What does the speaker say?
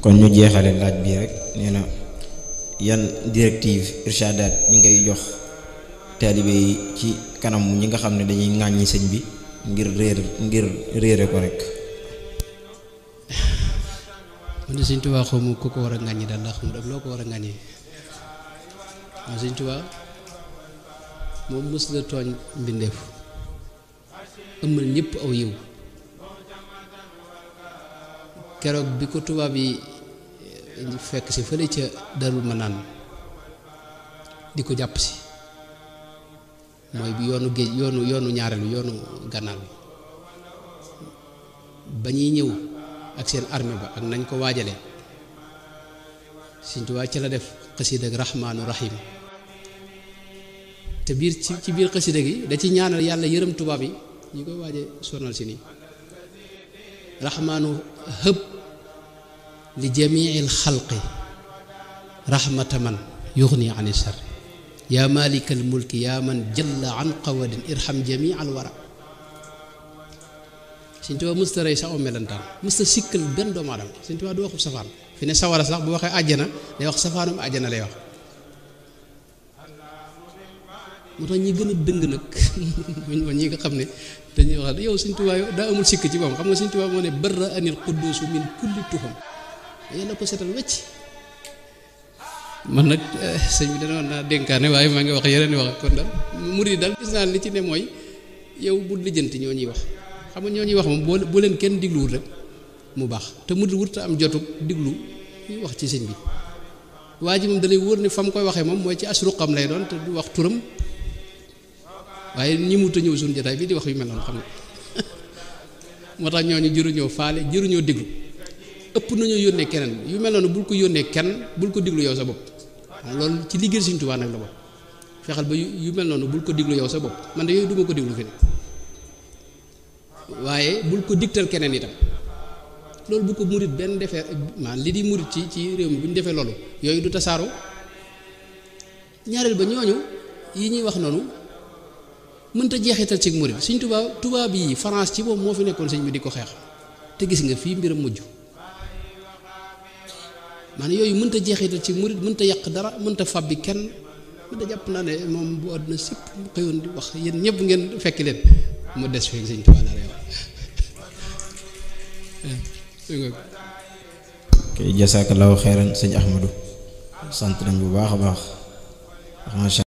kon ñu jeexale laaj bi rek nee na yan directive irshadaat ñi ngay jox taalibe yi ci kanamu ñi nga xam ne dañuy ŋàññi sëñ bi ngir réer ngir réere ko rek man de sëñ Tuubaa xaw ma ku ko war a ŋàññi daal ndax mu dem loo ko war a ŋàññi man sëñ Tuubaa moom mës la tooñ mbindeef ëmmal ñëpp aw yiw keroog bi ko tuba bi eh, fekk si fele ca darul manan naan di ko jàpp si mooy bi yoonu géej yoonu yoonu ñaareel bi yoonu gànnaaw ba ñuy ñëw ak seen armée ba ak nañ ko waajale Sëñ tuba ci la def xasida ak rahim te biir ci ci biir xasida gi da ci ñaanal yàlla yërëm tuba bi ñu koy waaje sonal si ni rahmanu hëpp لجميع الخلق رحمة من يغني عن الشر يا مالك الملك يا من جل عن قواد ارحم جميع الورى سنتو مستري سا املانتا مست سيكل بن دو مارام سنتو دو وخو سفان في ني سوارا صاح بو وخي اجنا لي وخ سفانم اجنا لي وخ موتا ني گنا دنگ نك من ما نيغا خامني دانيو وخ يو سنتو يو دا امول سيك جي بام خامغا سنتو مو ني بر ان القدوس من كل تهم yéen a ko setal wëcc man nag eh, sëñ bi danoon naa waaye maa ngi wax yeneen wax kon dal murid dal gis naa li ci ne mooy yow bu lijjanti ñoo ñuy wax xam nga ñoo ñuy wax moom boo kenn digluwut rek mu baax te mu wut te am jotu diglu wax ci sëñ waa ji moom wóor ne fa mu koy waxee moom mooy ci asruqam lay doon te wax turam waaye ñi mu ñëw suñu jotaay bi di wax yu mel xam nga moo tax ñooñu jëruñoo faale jëruñoo diglu ëpp nañoo yónnee keneen yu mel noonu bul ko yónnee kenn bul ko diglu yow sa bopp loolu ci liggéey Sëriñ Tuubaa la bopp fexeel ba yu mel noonu bul ko diglu yow sa bopp man de yooyu duma ko diglu fi bul ko digtal keneen itam loolu bu ko benn defee maanaam li di murit ci ci réew mi bu defee loolu yooyu du tasaaroo ñaareel ba ñooñu ñuy wax noonu mënta jeexital ci murit Sëriñ Tuubaa tubaab yi France ci moom moo fi nekkoon sëñ bi di ko xeex te gis nga fii mbiram mujj man yooyu mënta jeexital ci murid mënta yak dara mënta fabbi mu da japp na ne mom bu aduna sip xeyon di wax yeen ñepp ngeen fekk leen mu des feeg sëñ Tuubaa dara yow kay law xeyran seigne Ahmadou sant nañ bu baax baax